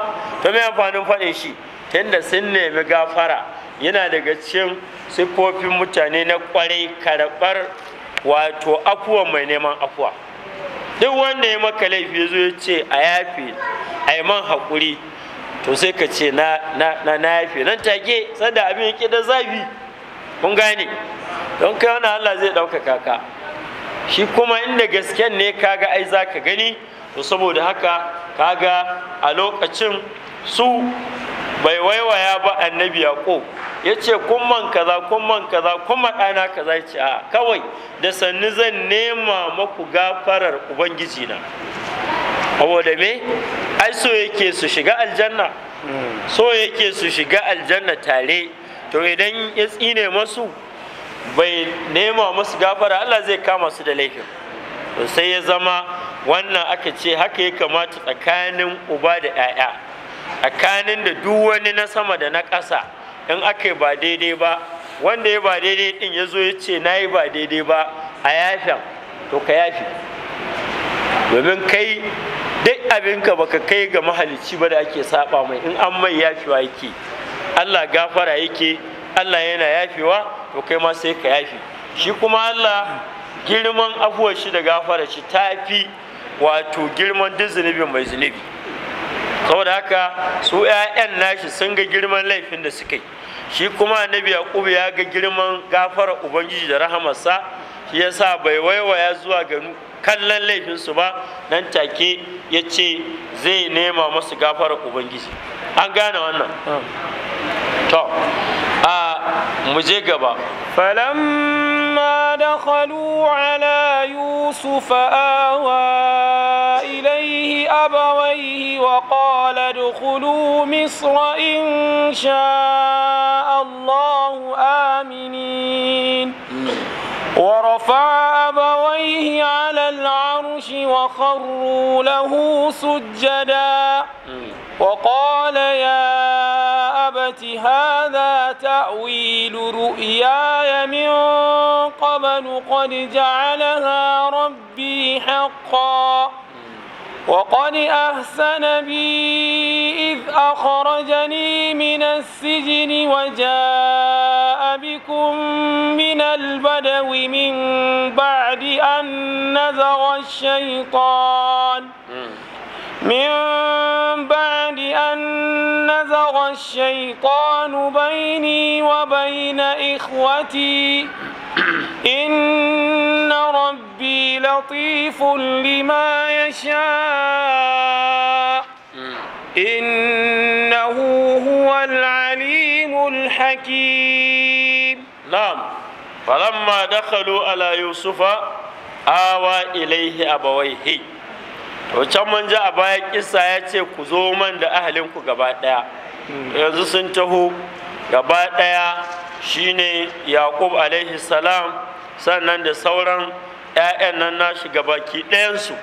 Ta mai amfanin faɗin shi tunda sun nemi gafara yana daga cikin siffofin mutane na kwarai karɓar wato afuwa mai neman afuwa duk wanda ya maka laifi ya zo ya ce a yafe a yi man haƙuri to sai ka ce na yafe nan take sanda abin ya da zafi kun gane don kai wani Allah zai ɗaukaka ka shi kuma inda gasken ne kaga ai za gani to saboda haka kaga a lokacin su bai waiwaya ba annabi yaƙo ya ce man kaza man kaza kuma ɗana kaza ya ce a kawai da sannu zan nema maku gafarar ubangiji na saboda me ai so yake su shiga aljanna so yake su shiga aljanna tare to idan ya tsine masu bai nema masu gafara Allah zai kama su da laifin sai ya zama wannan aka ce haka ya kamata tsakanin uba da 'ya'ya tsakanin da duk wani na sama da na ƙasa in aka yi ba daidai ba wanda ya ba daidai din ya zo ya ce na yi ba daidai ba a yafin to ka yafi domin kai duk abinka baka kai ga mahalicci ba da ake saba mai in an mai yafewa yake Allah gafara yake Allah yana yafewa to kai ma sai ka yafi shi kuma Allah girman afuwar shi da gafara shi tafi wato girman duk zunubin mai zunubi saboda haka su 'ya'yan nashi sun ga girman laifin da suka yi shi kuma annabi yaqub ya ga girman gafara ubangiji da rahamarsa shi yasa bai waiwaya zuwa ga kallon laifinsu ba nan take ya ce zai nema masu gafara ubangiji an gane wannan ah. mu فلما دخلوا على يوسف آوى إليه أبويه وقال ادخلوا مصر إن شاء الله آمنين ورفع أبويه على العرش وخروا له سجدا وقال يا هذا تأويل رؤياي من قبل قد جعلها ربي حقا وقد أحسن بي إذ أخرجني من السجن وجاء بكم من البدو من بعد أن نزغ الشيطان من الشيطان بيني وبين إخوتي إن ربي لطيف لما يشاء إنه هو العليم الحكيم نعم فلما دخلوا على يوسف آوى إليه أبويه to can mun ji a baya kissa ya ce ku zo man da ahalinku gaba ɗaya yanzu sun taho gaba ɗaya shine yaqub alaihi salam sannan da sauran 'ya'yan nan nashi gabaki ɗayansu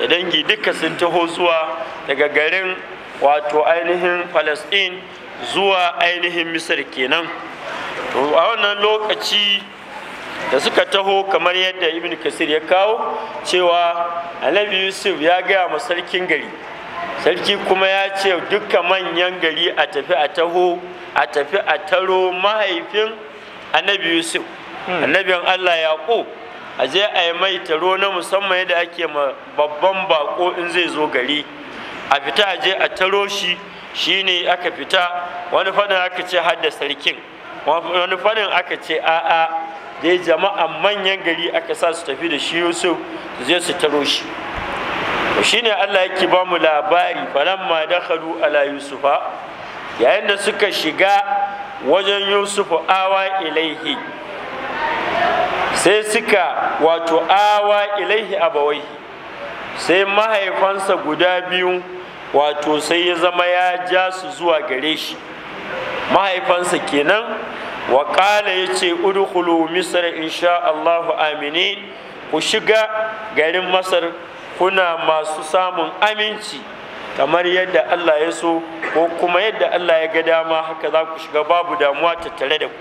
da dangi duka sun taho zuwa daga garin wato ainihin palestine zuwa ainihin misir kenan a wannan lokaci da suka taho kamar yadda ibn kasir ya kawo cewa Alabi yusuf ya gaya ma sarkin gari sarki kuma ya ce duka manyan gari a tafi a taho a tafi a taro mahaifin annabi yusuf hmm. annabin allah ko a je a yi mai taro na musamman yadda ake ma babban bako in zai zo gari a fita a je a taro shi shi ne aka fita wani fadin aka ce hadda sarkin wani fadin aka ce a'a dai jama'a manyan gari aka sa su tafi da shi yusuf su je su taro shi shine Allah yake ba mu labari falamma dakhalu ala yusufa yayin da suka shiga wajen yusufu awa ilaihi sai suka wato awa ilaihi abawai sai mahaifansa guda biyu wato sai ya zama ya ja su zuwa gare shi mahaifansa kenan wa ƙala ya ce udkhulu misra insha Allahu amini ku shiga garin masar kuna masu samun aminci kamar yadda Allah ya so ko kuma yadda Allah ya ga dama haka za ku shiga babu damuwa tattare da ku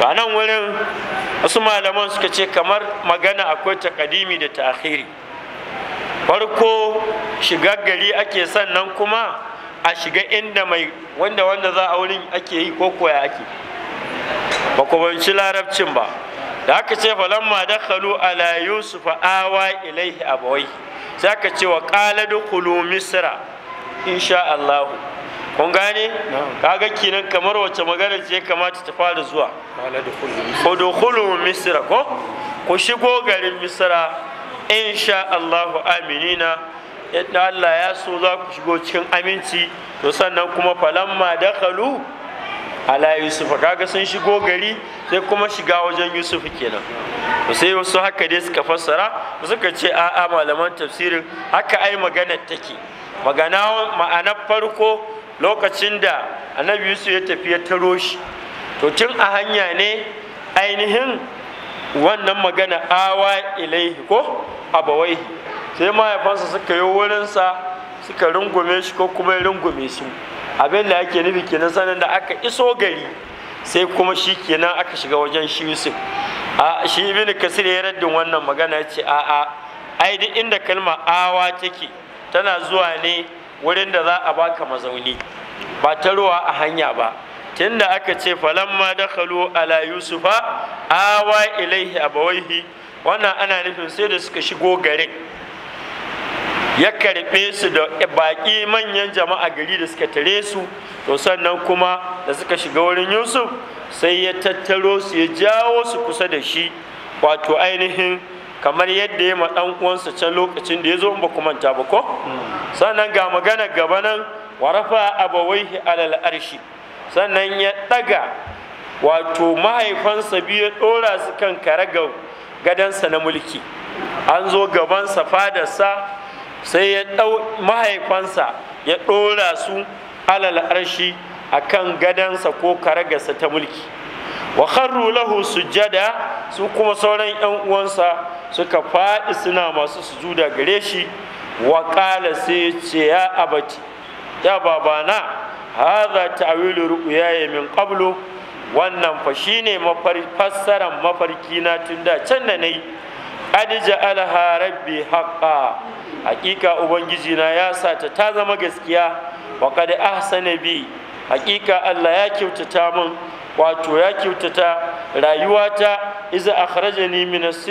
ba nan wurin wasu malaman suka ce kamar magana akwai takadimi da ta'khiri farko shiga gari ake sannan kuma a shiga inda mai wanda wanda za a wurin ake yi ko koya ake ba ku larabcin ba da aka ce falamma khalu ala yusufa awa ilaihi abawai sai aka ce wa qala dukhulu misra insha Allah kun gane kaga kinan kamar wace magana ce kamata ta fara zuwa ko dukhulu misra ko ku shigo garin misra insha Allah aminina yadda Allah ya so za ku shigo cikin aminci to sannan kuma falamma khalu ala yusufa kaga sun shigo gari sai kuma shiga wajen Yusufa kenan sai wasu haka dai suka fassara suka ce a'a malaman tafsirin haka ai maganar take magana ma'ana farko lokacin da annabi yusuf ya tafi ya taro shi to tun a hanya ne ainihin wannan magana awa ilaihi ko abawai sai mahaifansa suka yi wurinsa suka rungume shi ko kuma ya rungume shi. abin da yake nufi kenan sanin da aka iso gari sai kuma shi kenan aka shiga wajen shi yusuf a shi ibn kasir ya raddin wannan magana ya ce a a ai duk inda kalma awa take tana zuwa ne wurin da za a baka mazauni ba ta ruwa a hanya ba tunda aka ce falamma dakhalu ala yusufa awa ilaihi abawaihi wannan ana nufin sai da suka shigo garin ya karɓe su da baƙi manyan jama'a gari da suka tare su to sannan kuma da suka shiga wurin yusuf sai ya tattaro su ya jawo su kusa da shi wato ainihin kamar yadda ya ma uwansa can lokacin da ya zo ba kuma ba ko sannan ga magana gaba nan warafa abawaihi alal arshi sannan ya ɗaga wato mahaifansa biyu ya ɗora su kan kare gadansa na mulki an zo gabansa fadarsa sai ya ɗau mahaifansa ya ɗora su alal arshi a kan gadansa ko karagarsa ta mulki wa kharru lahu sujjada su kuma sauran yan uwansa suka faɗi suna masu sujuda gare shi wa qala sai ce ya abati ya babana hadha ta'wilu ru'yaya min qablu wannan fa shine mafassaran mafarki na tun da can da nayi qad ja'alaha rabbi haqqan hakika ubangiji na ya sata ta zama gaskiya wa kada ahsana bi hakika Allah ya kyautata min wato ya kyautata rayuwata iza akhrajani min as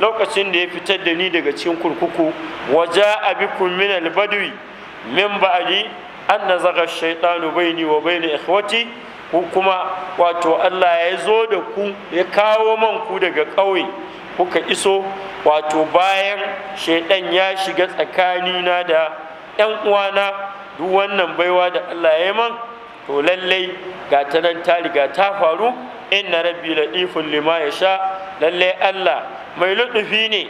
lokacin da ya fitar da ni daga cikin kurkuku waja abikum min albadwi min ba'di an nazaga shaytanu bayni wa bayna ikhwati ku kuma wato Allah ya zo da ku ya kawo man ku daga ƙauye kuka iso wato bayan shaidan ya shiga tsakanina da 'yan uwana duk wannan baiwa da Allah ya yi man to lallai ga ta nan ta riga ta faru inna rabbi latifun lima ya sha lallai Allah mai lutufi ne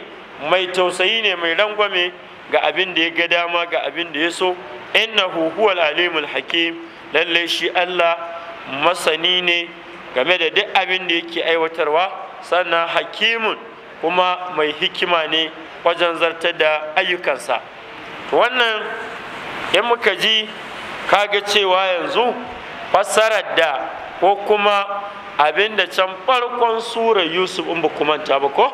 mai tausayi ne mai rangwame ga abin da ya ga dama ga abin da ya so innahu huwal alimul hakim lallai shi Allah masani ne game da duk abin da yake aiwatarwa sannan hakimun kuma mai hikima ne wajen zartar da ayyukansa wannan in muka ji kaga cewa yanzu fassarar da ko kuma abin da can farkon sura yusuf in ba ta ba ko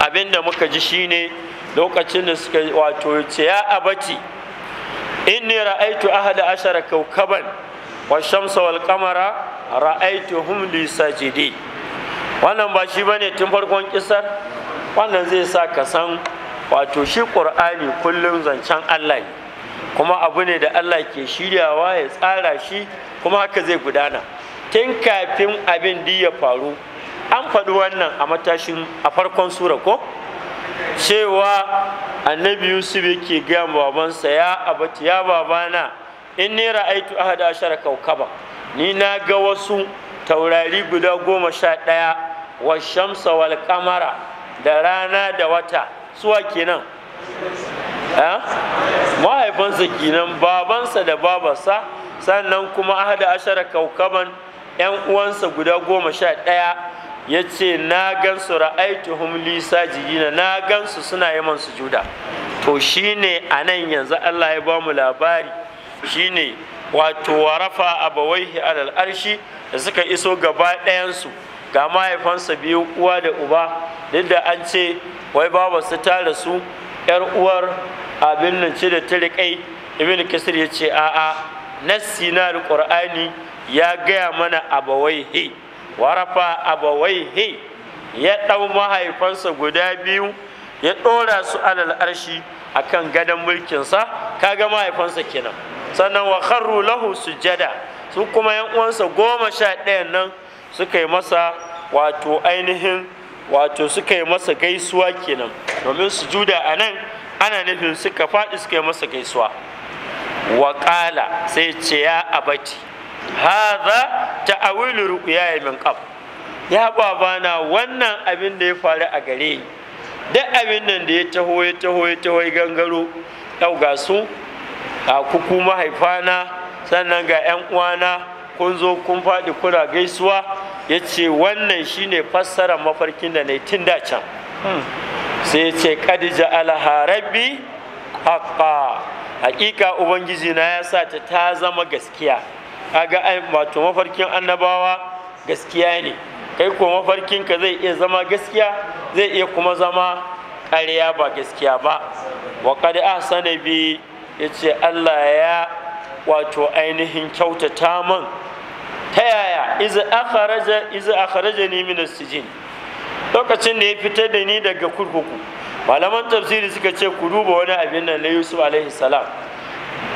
abin da muka ji shine lokacin da suka wato ce ya abati ne ra'aitu ahada ashara kaukaban wa shamsa wal Ra'aitu ra'aituhum li wannan ba shi bane tun farkon kisar wannan zai sa ka san wato shi ƙur'ani kullum zancen Allah ne kuma abu ne da Allah ke shiryawa ya tsara shi kuma haka zai gudana tun kafin abin di ya faru an faɗi wannan a matashin a farkon sura ko cewa annabi yusuf yake gaya babansa ya abati ya babana in ni ra'aitu ahada ashara kaukaba ni na ga wasu taurari guda goma sha ɗaya wa shamsa wal kamara da rana da wata suwa kenan mahaifansa kenan babansa da babarsa sannan kuma hada ashara kaukaban yan uwansa guda goma sha ɗaya ya ce na gansu ra'aituhum lisa jigina na gansu suna yi man sujuda to shine a nan yanzu allah ya ba mu labari shine wato warafa abawaihi alal arshi da suka iso gaba ɗayansu ga mahaifansa biyu uwa da uba duk da an ce wai babu su tare su yar uwar abin nan ce da ta riƙai ibn kasir ya ce a'a nassi na alqur'ani ya gaya mana abawaihi warafa abawaihi ya ɗau mahaifansa guda biyu ya ɗora su alal arshi akan gadon mulkinsa kaga mahaifansa kenan sannan wa kharru lahu sujada su kuma yan uwansa goma sha ɗaya nan suka yi masa wato ainihin wato suka yi masa gaisuwa kenan domin sujuda a nan ana nufin suka faɗi suka yi masa gaisuwa wa ƙala sai ce ya abati haza ta'awilu ruqyaya min ƙaf ya babana wannan abin da ya faru a gare ni duk abin nan da ya taho ya taho ya taho ya gangaro yau ga su a kuku mahaifana sannan ga 'yan uwana kun zo kun faɗi kuna gaisuwa ya ce wannan shine fassara mafarkin da na tun da can hmm. sai ya ce kadija alharabi haƙa haƙiƙa ubangiji na ya sa ta ta zama gaskiya kaga wato mafarkin annabawa gaskiya ne kai ko mafarkin ka zai iya zama gaskiya zai iya kuma zama ƙarya ba gaskiya ba wa qad ahsana bi ya ce allah ya wato ainihin kyautata man ta yaya iza akharaja ni min sijin lokacin da ya fitar da ni daga kurkuku malaman tafsiri suka ce ku duba wani abin nan na yusuf alaihi salam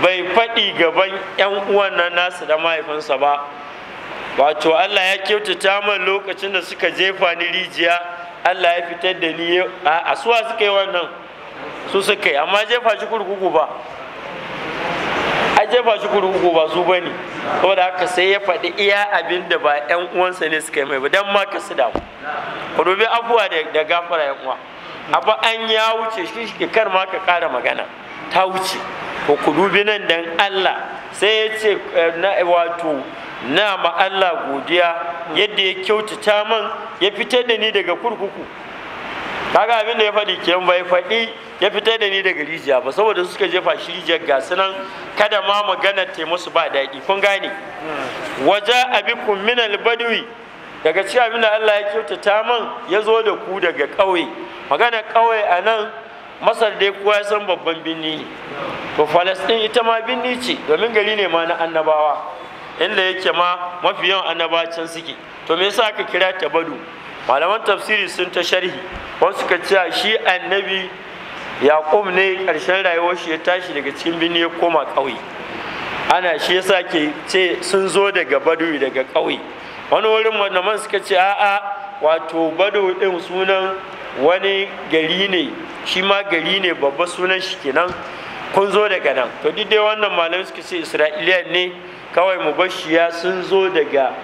bai faɗi gaban 'yan uwan nan nasu da mahaifinsa ba wato allah ya kyautata man lokacin da suka jefa ni rijiya allah ya fitar da ni a suwa suka yi wannan su suka yi amma jefa shi kurkuku ba a jefa shi kurkuku ba su bane saboda haka sai ya faɗi iya abin da ba yan uwansa ne suka yi mai ba dan ma ka su damu ku dubi abuwa da gafara yan uwa abu an ya wuce shi shi kar ma ka kara magana ta wuce ko ku dubi nan dan Allah sai ya ce eh, na wato na ma Allah godiya yadda ya kyautata man ya fitar da ni daga kurkuku kaga abin da ya faɗi ba bai faɗi ya fitar da ni daga rijiya ba saboda suka jefa shi rijiyar ga sunan kada ma magana ta musu ba daɗi kun gane waje abikun min albadwi daga cikin abin da Allah ya kyautata man ya zo da ku daga ƙauye magana ƙauye a nan masar dai kowa ya san babban binni ne to falastin ita ma binni ce domin gari ne ma na annabawa inda yake ma mafi yawan annabawa can suke to me yasa aka kira ta badu malaman tafsiri sun ta sharhi wasu suka cewa shi annabi yaqub ne ƙarshen rayuwar shi ya tashi daga cikin birni ya koma ƙauye ana shi yasa ke ce sun zo daga badui daga ƙauye wani wurin malaman suka ce a'a wato bado din sunan wani gari ne shi ma gari ne babba sunan shi kenan kun zo daga nan to duk dai wannan malamin suka ce isra'iliya ne kawai mubashiya sun zo daga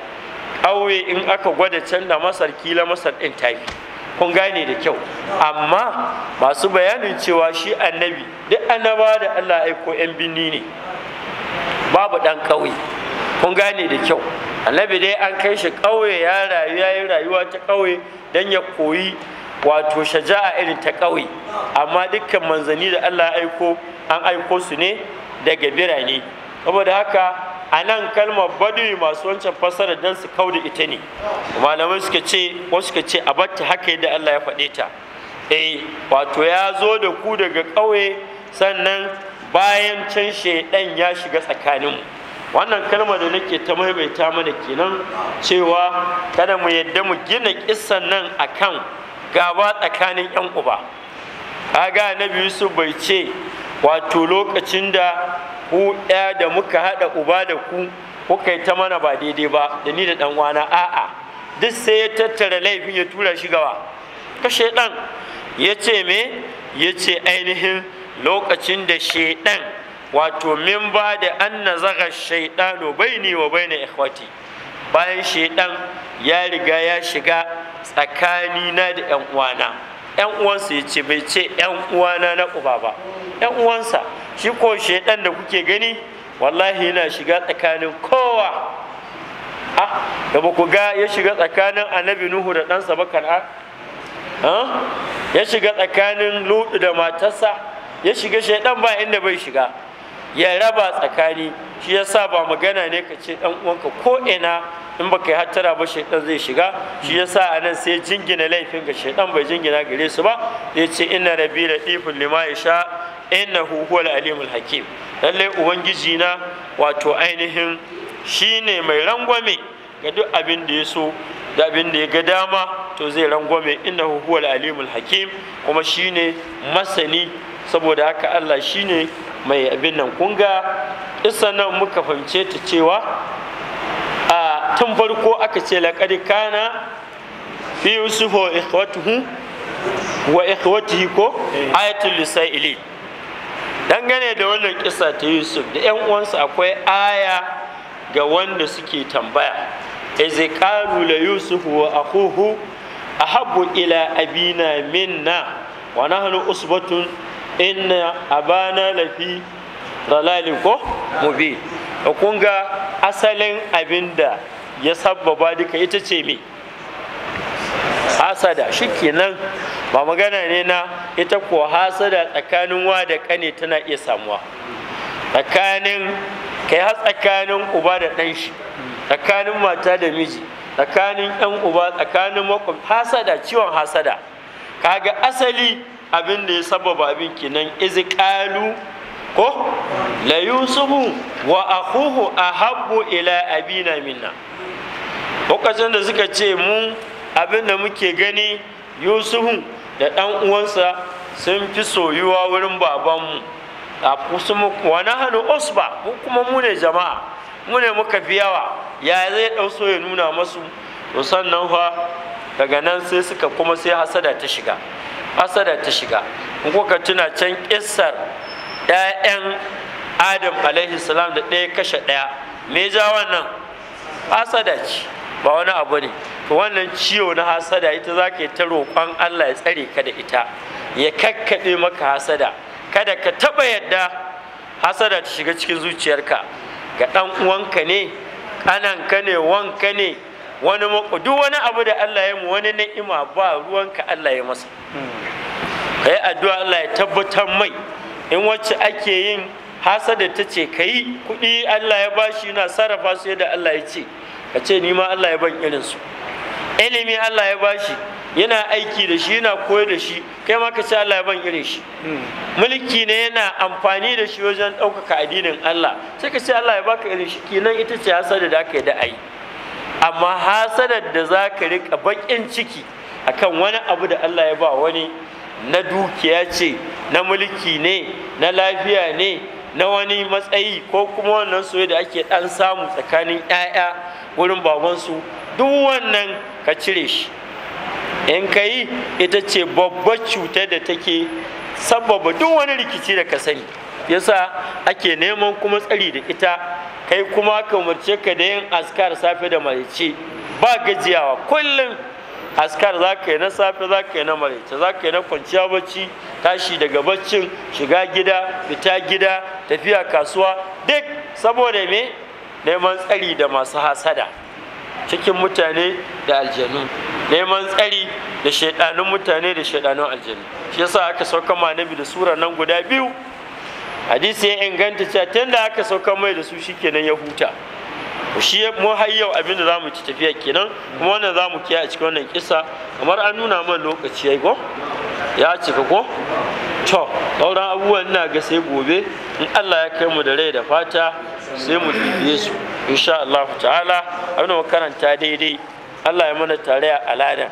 Kawai in aka gwada canza masar kila masar ɗin tafi kun gane da kyau amma masu bayanin cewa shi annabi duk annaba da allah aiko 'yan binni ne babu ɗan ƙauye kun gane da kyau annabi dai an kai shi ƙauye ya rayu ya yi rayuwa ta ƙauye don ya koyi wato shaja'a irin ta ƙauye amma dukkan manzanni da allah aiko an aiko su ne daga birane saboda haka a nan kalmar badui masu wancan fasara don su da ita ne malamai suka ce wasu suka ce a batta haka yadda Allah ya faɗe ta eh wato ya zo da ku daga ƙauye sannan bayan can shaidan ya shiga tsakaninmu wannan kalmar da nake ta maimaita mana kenan cewa kada mu yadda mu gina kissan nan akan gaba tsakanin yan uba kaga annabi yusuf bai ce wato lokacin da ku ɗaya da muka haɗa uba da ku kuka yi ta mana ba daidai ba da ni da ɗan'uwana a'a duk sai ya tattara laifin ya tura shi gaba. ka shaiɗan ya ce me ya ce ainihin lokacin da shaiɗan wato min ba da an na zaga shaiɗano bai ne wa bai na ikhwati bayan shaiɗan ya riga ya shiga tsakanina da ‘yan uwana yan uwansa ya ce bai ce yan uwana na uba ba yan uwansa shi ko shaidan da kuke gani wallahi yana shiga tsakanin kowa ah, da ba ku ga ya shiga tsakanin annabi nuhu da ɗansa ba kan'a ah? ah? ya shiga tsakanin lutu da matarsa ya shiga shaidan ba inda bai shiga ya raba tsakani shi ya sa ba magana ne ka ce dan uwanka ko ina in baka yi hattara ba shaidan zai shiga shi ya yasa anan sai jingina laifin ga shaidan bai jingina gare su ba zai ce rabi da latifun lima yasha innahu huwal alimul hakim Lallai ubangiji na wato ainihin shi ne mai rangwame ga duk abin da ya so da abin da ya ga dama to zai rangwame innahu huwal alimul hakim kuma shi ne masani saboda haka Allah shine mai abin nan kunga isa nan muka fahimce ta cewa a tun farko aka ce laƙari kana fi yusufu wa ikhwatuhu wa ikhwatuhu ko eh. ayatul lisaili dangane da wannan kisa ta yusuf da yan uwansa akwai aya ga wanda suke tambaya ezekalu la yusufu wa akuhu ahabbu ila abina minna wa nahnu usbatun inna abana lafi dalalin ko mubi kun ga asalin abinda ya sabbaba duka ita ce me hasada shikenan ba magana ne na ita ko hasada tsakanin wa da kane tana iya samuwa tsakanin kai har tsakanin uba da ɗan shi tsakanin mata da miji tsakanin yan uba tsakanin makwabta hasada ciwon hasada kaga asali abin da ya sababa abin izi izqalu ko la yusufu wa akhuhu ahabbu ila abina minna lokacin da suka ce mu abin da muke gani yusufu da dan uwansa sun fi soyuwa wurin babanmu a kusurmu wa nahanu usba kuma mu ne jama'a mu ne muka fi yawa ya zai dau so ya nuna masu to sannan fa daga nan sai suka kuma sai hasada ta shiga hasada ta shiga in kuka tuna can kissar ɗayan adam alaihi salam da ɗaya kashe ɗaya me ja wannan hasada ce ba wani abu ne to wannan ciwo na hasada ita za ka yi ta roƙon allah ya tsare ka da ita ya kakkaɓe maka hasada kada ka taɓa yadda hasada ta shiga cikin zuciyarka ga ɗan uwanka ne ƙananka ne wanka ne wani duk wani abu da Allah ya mu wani ni'ima ba ruwanka Allah ya masa kai addu'a Allah ya tabbatar mai in wacce ake yin hasada ta ce kai kuɗi Allah ya bashi na sarrafa su yadda Allah ya ce ka ce ni ma Allah ya ban irin su ilimi Allah ya bashi yana aiki da shi yana koyar da shi kai ma ka ce Allah ya ban irin shi mulki ne yana amfani da shi wajen ɗaukaka addinin Allah sai ka ce Allah ya baka irin shi kenan ita ce hasada da aka yi da ayi. amma hasadar da za ka rika baƙin ciki akan wani abu da Allah ya ba wani na dukiya ce na mulki ne na lafiya ne na wani matsayi ko kuma wannan soyayya da ake ɗan samu tsakanin 'ya'ya wurin babansu duk wannan ka cire shi in ka yi ita ce babbar cutar da take sababa duk wani rikici da ka sani yasa ake neman kuma tsari da ita kai kuma ka umarce ka da yin askar safe da maraice ba gajiyawa kullum askar za ka yi na safe za ka yi na malice za ka yi na kwanciya bacci tashi daga baccin shiga gida fita gida tafiya kasuwa duk saboda me neman tsari da masu hasada cikin mutane da aljanu neman tsari da shaidanun mutane da shaidanun aljanu shi yasa aka sauka manabi da sura nan guda biyu hadisi ya inganta cewa tun da aka sauka mai da su shikenan ya huta shi mu har yau abin da zamu ci tafiya kenan kuma wannan zamu kiya a cikin wannan kisa kamar an nuna man lokaci yayi ko ya cika ko to sauran abubuwan ina ga sai gobe in Allah ya kai mu da rai da fata sai mu dubiye su insha Allah ta'ala abin da karanta daidai Allah ya mana tare a aladan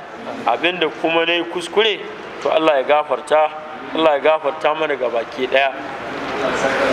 abin da kuma nayi kuskure to Allah ya gafarta Allah ya gafarta mana gabaki daya Second.